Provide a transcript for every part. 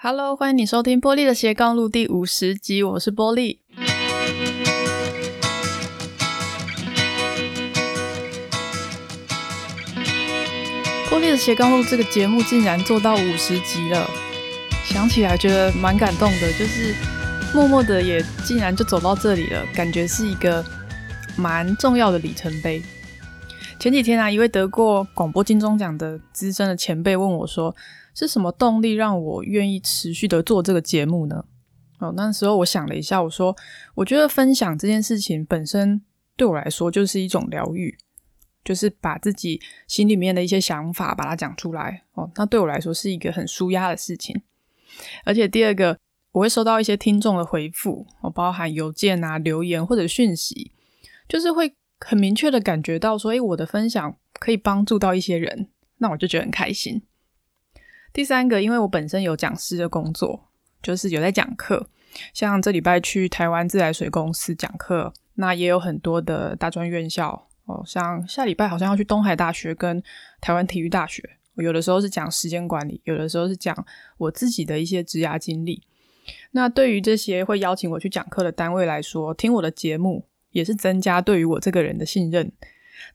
Hello，歡迎你收聽《波莉的斜槓路》第五十集，我是波莉。《波莉的斜槓路》這個節目竟然做到五十集了，想起來覺得蠻感動的，就是默默的也竟然就走到這裡了，感覺是一個蠻重要的里程碑。前幾天啊，一位得過廣播金鐘獎的資深的前輩問我說，是什麼動力讓我願意持續的做這個節目呢？哦，那時候我想了一下，我說，我覺得分享這件事情本身對我來說就是一種療癒，就是把自己心裡面的一些想法把它講出來。哦，那對我來說是一個很舒壓的事情。而且第二個，我會收到一些聽眾的回復，哦，包含郵件啊、留言或者訊息，就是會很明確的感覺到說，誒，我的分享可以幫助到一些人，那我就覺得很開心。第三個，因為我本身有講師的工作，就是有在講課，像這禮拜去台灣自來水公司講課，那也有很多的大專院校哦，像下禮拜好像要去東海大學跟台灣體育大學，我有的時候是講時間管理，有的時候是講我自己的一些職涯經歷。那對於這些會邀請我去講課的單位來說，聽我的節目也是增加對於我這個人的信任。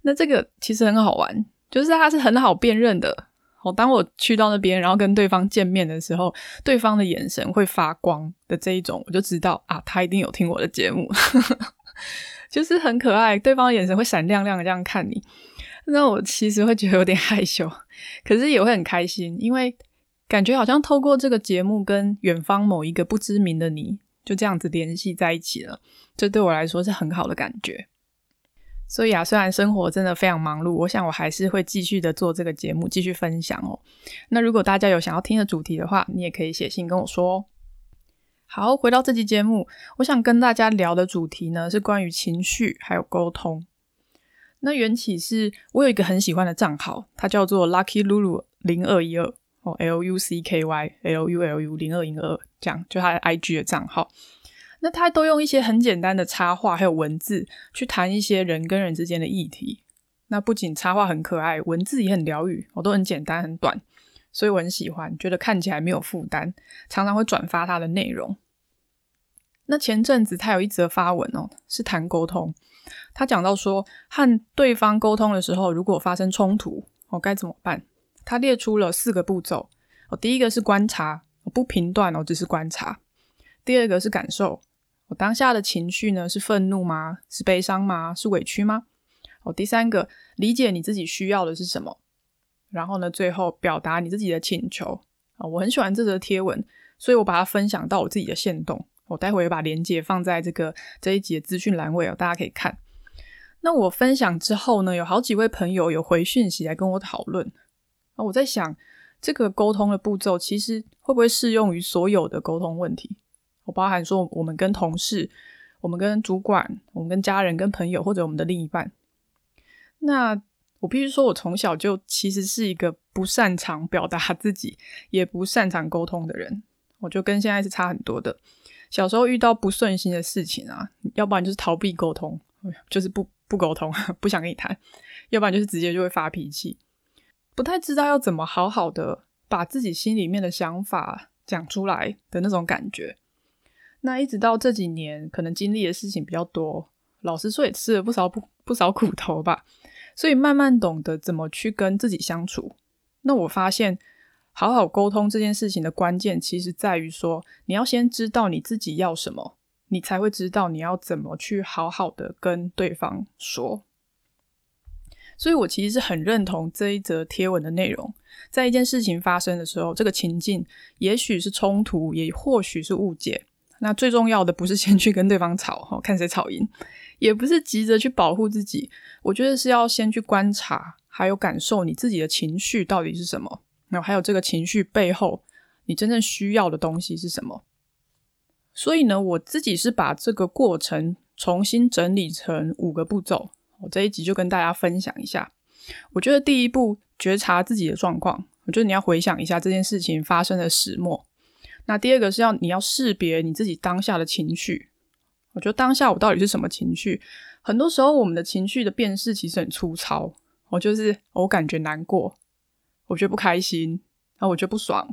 那這個其實很好玩，就是它是很好辨認的。我當我去到那邊，然後跟對方見面的時候，對方的眼神會發光的這一種，我就知道啊，他一定有聽我的節目， 就是很可愛。對方的眼神會閃亮亮的這樣看你，那我其實會覺得有點害羞，可是也會很開心，因為感覺好像透過這個節目，跟遠方某一個不知名的你就這樣子聯繫在一起了，這對我來說是很好的感覺。所以啊，雖然生活真的非常忙碌，我想我還是會繼續的做這個節目，繼續分享哦。那如果大家有想要聽的主題的話，你也可以寫信跟我說哦。好，回到這期節目，我想跟大家聊的主題呢是關於情緒還有溝通。那緣起是我有一個很喜歡的賬號，它叫做 Lucky Lulu 零二一二哦，L, L, 2, L U C K Y L U L U 零二一二這樣就他的 I G 的賬號。那他都用一些很簡單的插畫，還有文字去談一些人跟人之間的議題。那不僅插畫很可愛，文字也很療癒，都很簡單很短，所以我很喜歡，覺得看起來沒有負擔。常常會轉發他的內容。那前陣子他有一則發文哦，是談溝通。他講到說，和對方溝通的時候，如果發生衝突，我該怎麼辦？他列出了四個步驟。我第一個是觀察，我不評斷哦，只是觀察。第二個是感受。當下的情緒呢，是憤怒嗎？是悲傷嗎？是委屈嗎？哦，第三個，理解你自己需要的是什麼，然後呢，最後表達你自己的請求啊、哦。我很喜歡這則貼文，所以我把它分享到我自己的限動。我、哦、待會也把鏈接放在這個這一集的資訊欄位哦，大家可以看。那我分享之後呢，有好幾位朋友有回訊息來跟我討論啊、哦。我在想，這個溝通的步驟其實會不會適用於所有的溝通問題？我包含說，我們跟同事，我們跟主管，我們跟家人、跟朋友，或者我們的另一半。那我必須說，我從小就其實是一個不擅長表達自己，也不擅長溝通的人。我就跟現在是差很多的。小時候遇到不順心的事情啊，要不然就是逃避溝通，就是不不溝通，不想跟你談；要不然就是直接就會發脾氣，不太知道要怎麼好好的把自己心裡面的想法講出來的那種感覺。那一直到這幾年，可能經歷的事情比較多，老實說也吃了不少不不少苦頭吧。所以慢慢懂得怎麼去跟自己相處。那我發現，好好溝通這件事情的關鍵，其實在於說，你要先知道你自己要什麼，你才會知道你要怎麼去好好的跟對方說。所以我其實是很認同這一則貼文的內容。在一件事情發生的時候，這個情境也許是衝突，也或許是誤解。那最重要的不是先去跟對方吵，哈，看誰吵贏，也不是急着去保護自己，我覺得是要先去觀察，還有感受你自己的情緒到底是什麼，然後還有這個情緒背後你真正需要的東西是什麼。所以呢，我自己是把這個過程重新整理成五個步驟，我這一集就跟大家分享一下。我覺得第一步，覺察自己的狀況，我覺得你要回想一下這件事情發生的始末。那第二個是要你要識別你自己當下的情緒，我覺得當下我到底是什麼情緒？很多時候我們的情緒的辨識其實很粗糙，我就是我感覺難過，我覺得不開心，然後我覺得不爽，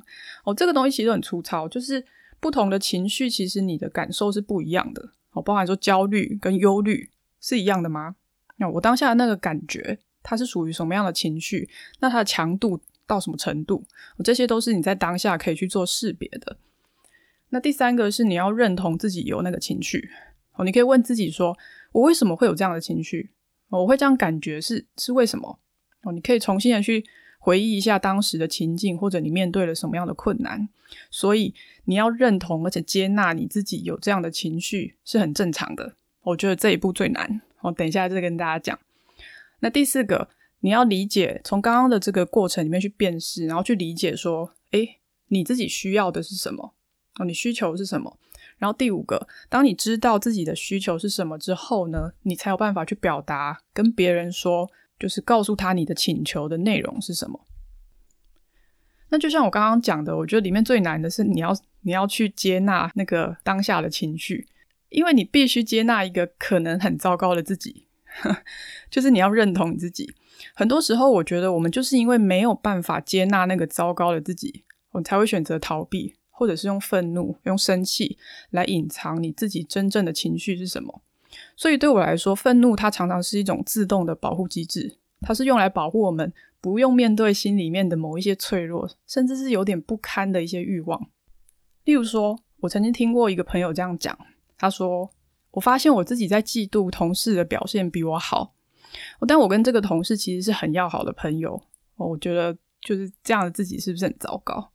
哦，這個東西其實很粗糙，就是不同的情緒其實你的感受是不一樣的，哦，包含說，焦慮跟憂慮是一樣的嗎？那我當下的那個感覺它是屬於什麼樣的情緒？那它的強度，到什麼程度？這些都是你在當下可以去做識別的。那第三個是你要認同自己有那個情緒哦，你可以問自己說：我為什麼會有這樣的情緒？我會這樣感覺是是為什麼？哦，你可以重新的去回憶一下當時的情境，或者你面對了什麼樣的困難。所以你要認同而且接納你自己有這樣的情緒是很正常的。我覺得這一步最難。我等一下再跟大家講。那第四個。你要理解，從剛剛的這個過程裡面去辨識，然後去理解說，誒，你自己需要的是什麼？哦，你需求是什麼？然後第五個，當你知道自己的需求是什麼之後呢，你才有辦法去表達，跟別人說，就是告訴他你的請求的內容是什麼。那就像我剛剛講的，我覺得裡面最難的是你要你要去接納那個當下的情緒，因為你必須接納一個可能很糟糕的自己，呵，就是你要認同你自己。很多時候，我覺得我們就是因為沒有辦法接納那個糟糕的自己，我們才會選擇逃避，或者是用憤怒、用生氣來隱藏你自己真正的情緒是什麼。所以對我來說，憤怒它常常是一種自動的保護機制，它是用來保護我們不用面對心裡面的某一些脆弱，甚至是有點不堪的一些慾望。例如說，我曾經聽過一個朋友這樣講，他說：“我發現我自己在嫉妒同事的表現比我好。”但我跟這個同事其實是很要好的朋友。哦，我覺得就是這樣的自己是不是很糟糕？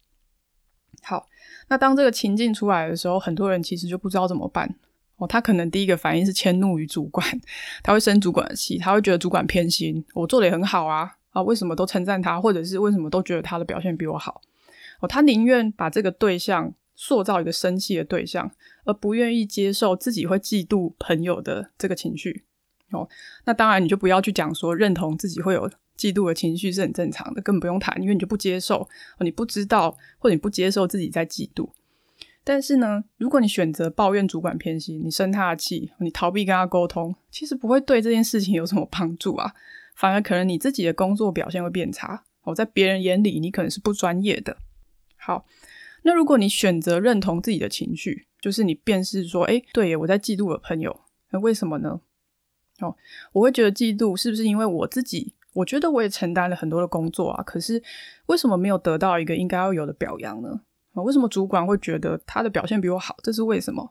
好，那當這個情境出來的時候，很多人其實就不知道怎麼辦。哦，他可能第一個反應是遷怒於主管，他會生主管的氣，他會覺得主管偏心。我做得也很好啊，啊，為什麼都稱讚他，或者是為什麼都覺得他的表現比我好？哦，他寧願把這個對象塑造一個生氣的對象，而不願意接受自己會嫉妒朋友的這個情緒。哦，那當然，你就不要去講說認同自己會有嫉妒的情緒是很正常的，根本不用談，因為你就不接受、哦，你不知道，或者你不接受自己在嫉妒。但是呢，如果你選擇抱怨主管偏心，你生他的氣，你逃避跟他溝通，其實不會對這件事情有什麼幫助啊，反而可能你自己的工作表現會變差。我、哦、在別人眼裡，你可能是不專業的。好，那如果你選擇認同自己的情緒，就是你辨識說，哎、欸，對耶，我在嫉妒我的朋友，那為什麼呢？哦，我會覺得嫉妒，是不是因為我自己？我覺得我也承擔了很多的工作啊，可是為什麼沒有得到一個應該要有的表揚呢？哦，為什麼主管會覺得他的表現比我好？這是為什麼？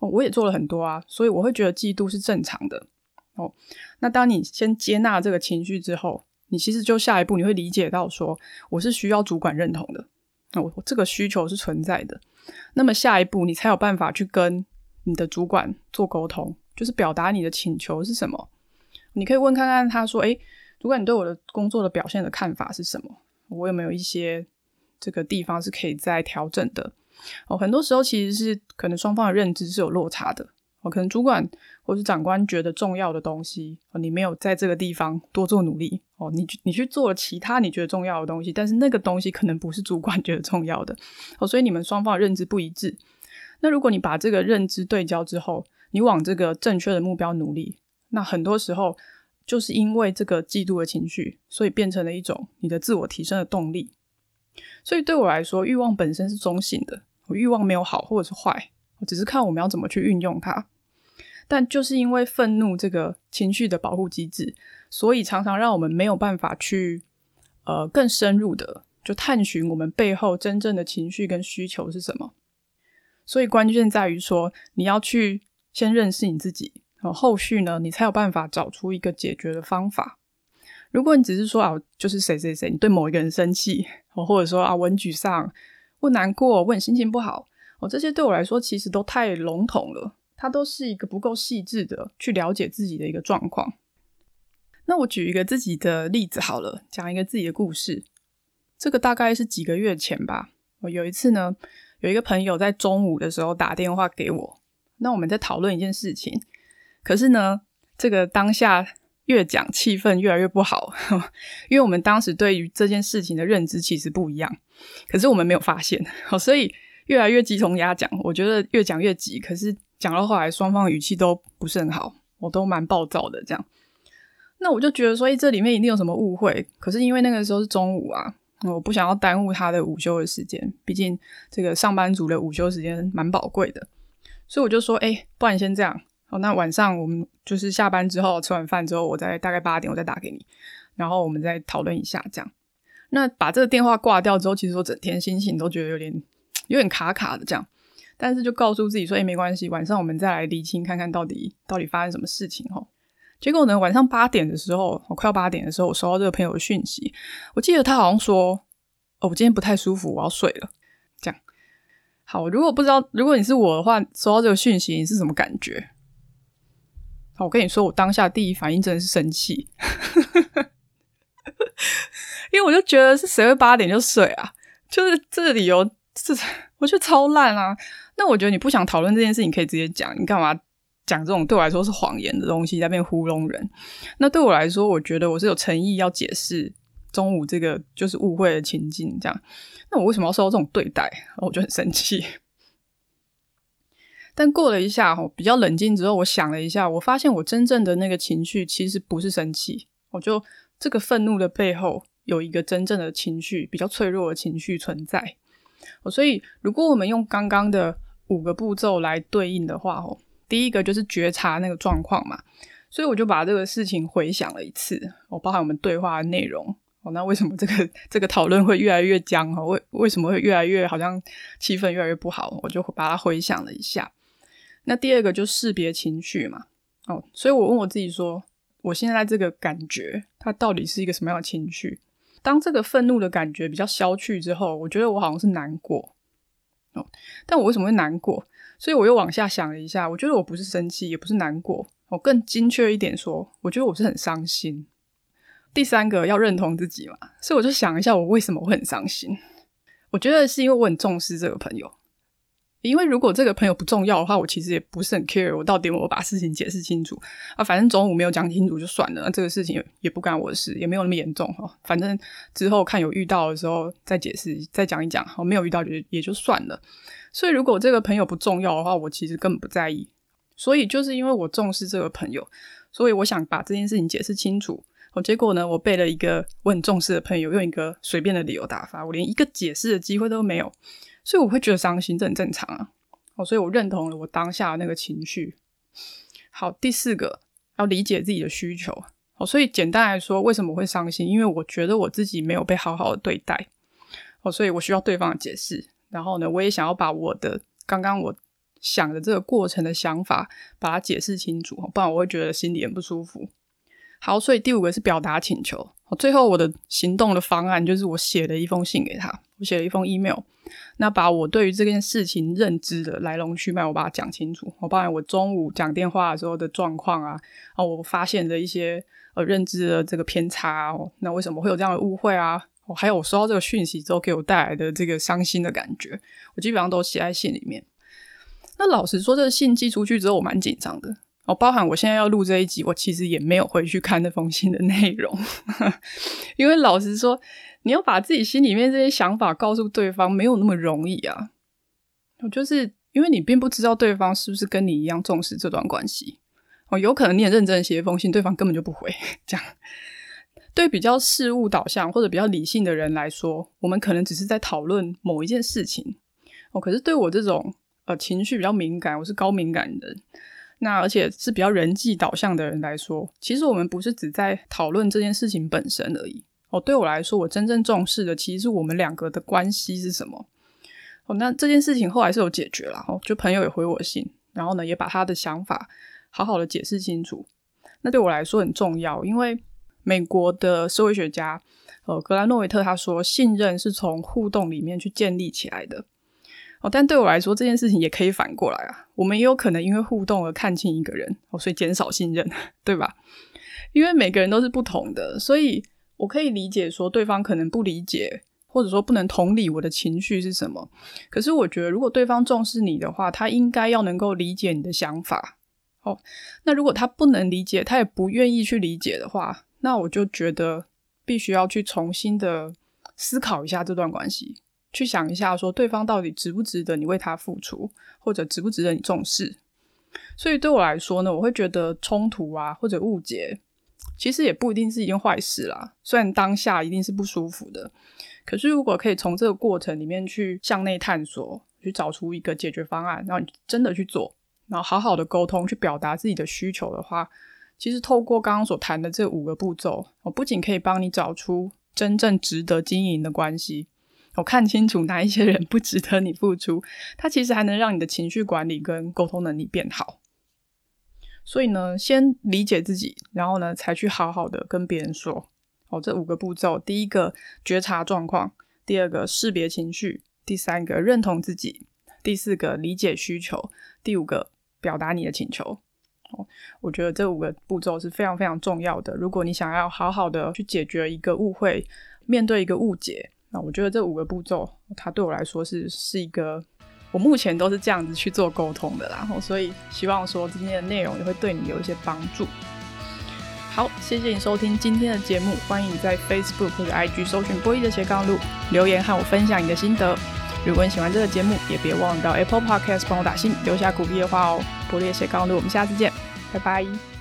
哦，我也做了很多啊，所以我會覺得嫉妒是正常的。哦，那當你先接納這個情緒之後，你其實就下一步你會理解到說，我是需要主管認同的。哦，我這個需求是存在的，那麼下一步你才有辦法去跟你的主管做溝通。就是表達你的請求是什麼？你可以問看看他說：“誒、欸，主管，你對我的工作的表現的看法是什麼？我有沒有一些這個地方是可以再調整的？”哦，很多時候其實是可能雙方的認知是有落差的。哦，可能主管或是長官覺得重要的東西，哦，你沒有在這個地方多做努力，哦，你你去做了其他你覺得重要的東西，但是那個東西可能不是主管覺得重要的。哦，所以你們雙方的認知不一致。那如果你把這個認知對焦之後，你往這個正確的目標努力，那很多時候就是因為這個嫉妒的情緒，所以變成了一種你的自我提升的動力。所以對我來說，欲望本身是中性的，我欲望沒有好或者是壞，我只是看我們要怎麼去運用它。但就是因為憤怒這個情緒的保護機制，所以常常讓我們沒有辦法去呃更深入的就探尋我們背後真正的情緒跟需求是什麼。所以關鍵在於說，你要去。先認識你自己，然後後續呢，你才有辦法找出一個解決的方法。如果你只是說啊，就是誰誰誰，你對某一個人生氣，或者說啊，我很沮喪，我難過，我心情不好，我這些對我來說其實都太籠統了，它都是一個不夠細緻的去了解自己的一個狀況。那我舉一個自己的例子好了，講一個自己的故事。這個大概是幾個月前吧，我有一次呢，有一個朋友在中午的時候打電話給我。那我們在討論一件事情，可是呢，這個當下越講氣氛越來越不好，因為我們當時對於這件事情的認知其實不一樣，可是我們沒有發現，好，所以越來越雞同鴨講。我覺得越講越急，可是講到後來雙方語氣都不是很好，我都蠻暴躁的這樣。那我就覺得說，誒，這裡面一定有什麼誤會。可是因為那個時候是中午啊，我不想要耽誤他的午休的時間，畢竟這個上班族的午休時間蠻寶貴的。所以我就說，哎、欸，不然先這樣。好，那晚上我們就是下班之後，吃完飯之後，我再大概八點，我再打給你，然後我們再討論一下這樣。那把這個電話掛掉之後，其實我整天心情都覺得有點有點卡卡的這樣。但是就告訴自己說，哎、欸，沒關係，晚上我們再來釐清，看看到底到底發生什麼事情齁。結果呢，晚上八點的時候，我快要八點的時候，我收到這個朋友的訊息，我記得他好像說，哦、喔，我今天不太舒服，我要睡了。好，如果不知道，如果你是我的話，收到這個訊息，你是什麼感覺？好，我跟你說，我當下第一反應真的是生氣， 因為我就覺得是誰會八點就睡啊？就是這個理由，是我覺得超爛啊！那我覺得你不想討論這件事情，你可以直接講，你幹嘛講這種對我來說是謊言的東西，在那邊糊弄人？那對我來說，我覺得我是有誠意要解釋。中午這個就是誤會的情境，這樣，那我為什麼要受到這種對待？我就很生氣。但過了一下吼，比較冷靜之後，我想了一下，我發現我真正的那個情緒其實不是生氣，我就這個憤怒的背後有一個真正的情緒，比較脆弱的情緒存在。哦，所以如果我們用剛剛的五個步驟來對應的話，哦，第一個就是覺察那個狀況嘛，所以我就把這個事情回想了一次，我包含我們對話的內容。哦，那為什麼這個這個討論會越來越僵？哈，為為什麼會越來越好像氣氛越來越不好？我就把它回想了一下。那第二個就是識別情緒嘛。哦，所以我問我自己說，我現在這個感覺，它到底是一個什麼樣的情緒？當這個憤怒的感覺比較消去之後，我覺得我好像是難過。哦，但我為什麼會難過？所以我又往下想了一下，我覺得我不是生氣，也不是難過。我、哦、更精確一點說，我覺得我是很傷心。第三個要認同自己嘛，所以我就想一下，我為什麼會很傷心？我覺得是因為我很重視這個朋友，因為如果這個朋友不重要的話，我其實也不是很 care。我到底我把事情解釋清楚啊？反正中午沒有講清楚就算了，那、啊、這個事情也，也不關我的事，也沒有那麼嚴重哈、哦。反正之後看有遇到的時候再解釋，再講一講。我、哦、沒有遇到就也就算了。所以如果這個朋友不重要的話，我其實根本不在意。所以就是因為我重視這個朋友，所以我想把這件事情解釋清楚。哦，結果呢？我被了一個我很重視的朋友，用一個隨便的理由打發我，連一個解釋的機會都沒有，所以我會覺得傷心，這很正常啊。哦，所以我認同了我當下的那個情緒。好，第四個要理解自己的需求。哦，所以簡單來說，為什麼會傷心？因為我覺得我自己沒有被好好的對待。哦，所以我需要對方的解釋。然後呢，我也想要把我的剛剛我想的這個過程的想法，把它解釋清楚，不然我會覺得心裡很不舒服。好，所以第五個是表達請求。最後我的行動的方案就是我寫了一封信給他，我寫了一封 email，那把我對於這件事情認知的來龍去脈，我把它講清楚。我包含我中午講電話的時候的狀況啊，然後、啊、我發現的一些呃認知的這個偏差哦、啊，那為什麼會有這樣的誤會啊？我還有我收到這個訊息之後給我帶來的這個傷心的感覺，我基本上都寫在信裡面。那老實說，這個信寄出去之後，我蠻緊張的。哦，包含我現在要錄這一集，我其實也沒有回去看那封信的內容， 因為老實說，你要把自己心裡面這些想法告訴對方，沒有那麼容易啊。我就是因為你並不知道對方是不是跟你一樣重視這段關係哦，有可能你也認真寫一封信，對方根本就不回。這樣對比較事物導向或者比較理性的人來說，我們可能只是在討論某一件事情哦。可是對我這種呃情緒比較敏感，我是高敏感的人。那而且是比較人際導向的人來說，其實我們不是只在討論這件事情本身而已。哦，對我來說，我真正重視的其實是我們兩個的關係是什麼。哦，那這件事情後來是有解決了，哦，就朋友也回我信，然後呢也把他的想法好好的解釋清楚。那對我來說很重要，因為美國的社會學家呃格蘭諾維特他說，信任是從互動裡面去建立起來的。但對我來說，這件事情也可以反過來啊。我們也有可能因為互動而看清一個人，哦，所以減少信任，對吧？因為每個人都是不同的，所以我可以理解說對方可能不理解，或者說不能同理我的情緒是什麼。可是我覺得，如果對方重視你的話，他應該要能夠理解你的想法。哦，那如果他不能理解，他也不願意去理解的話，那我就覺得必須要去重新的思考一下這段關係。去想一下，說對方到底值不值得你為他付出，或者值不值得你重視。所以對我來說呢，我會覺得衝突啊，或者誤解，其實也不一定是一件壞事啦。雖然當下一定是不舒服的，可是如果可以從這個過程裡面去向內探索，去找出一個解決方案，然後你真的去做，然後好好的溝通，去表達自己的需求的話，其實透過剛剛所談的這五個步驟，我不僅可以幫你找出真正值得經營的關係。我看清楚哪一些人不值得你付出，他其實還能讓你的情緒管理跟溝通能力變好。所以呢，先理解自己，然後呢，才去好好的跟別人說。哦，這五個步驟：第一個，覺察狀況；第二個，識別情緒；第三個，認同自己；第四個，理解需求；第五個，表達你的請求。哦，我覺得這五個步驟是非常非常重要的。如果你想要好好的去解決一個誤會，面對一個誤解。那我覺得這五個步驟，它對我來說是是一個，我目前都是這樣子去做溝通的啦，然後所以希望說今天的內容也會對你有一些幫助。好，謝謝你收聽今天的節目，歡迎你在 Facebook 或者 IG 搜尋波莉的斜槓路，留言和我分享你的心得。如果你喜歡這個節目，也別忘了到 Apple Podcast 幫我打星，留下鼓勵的話哦。波莉的斜槓路，我們下次見，拜拜。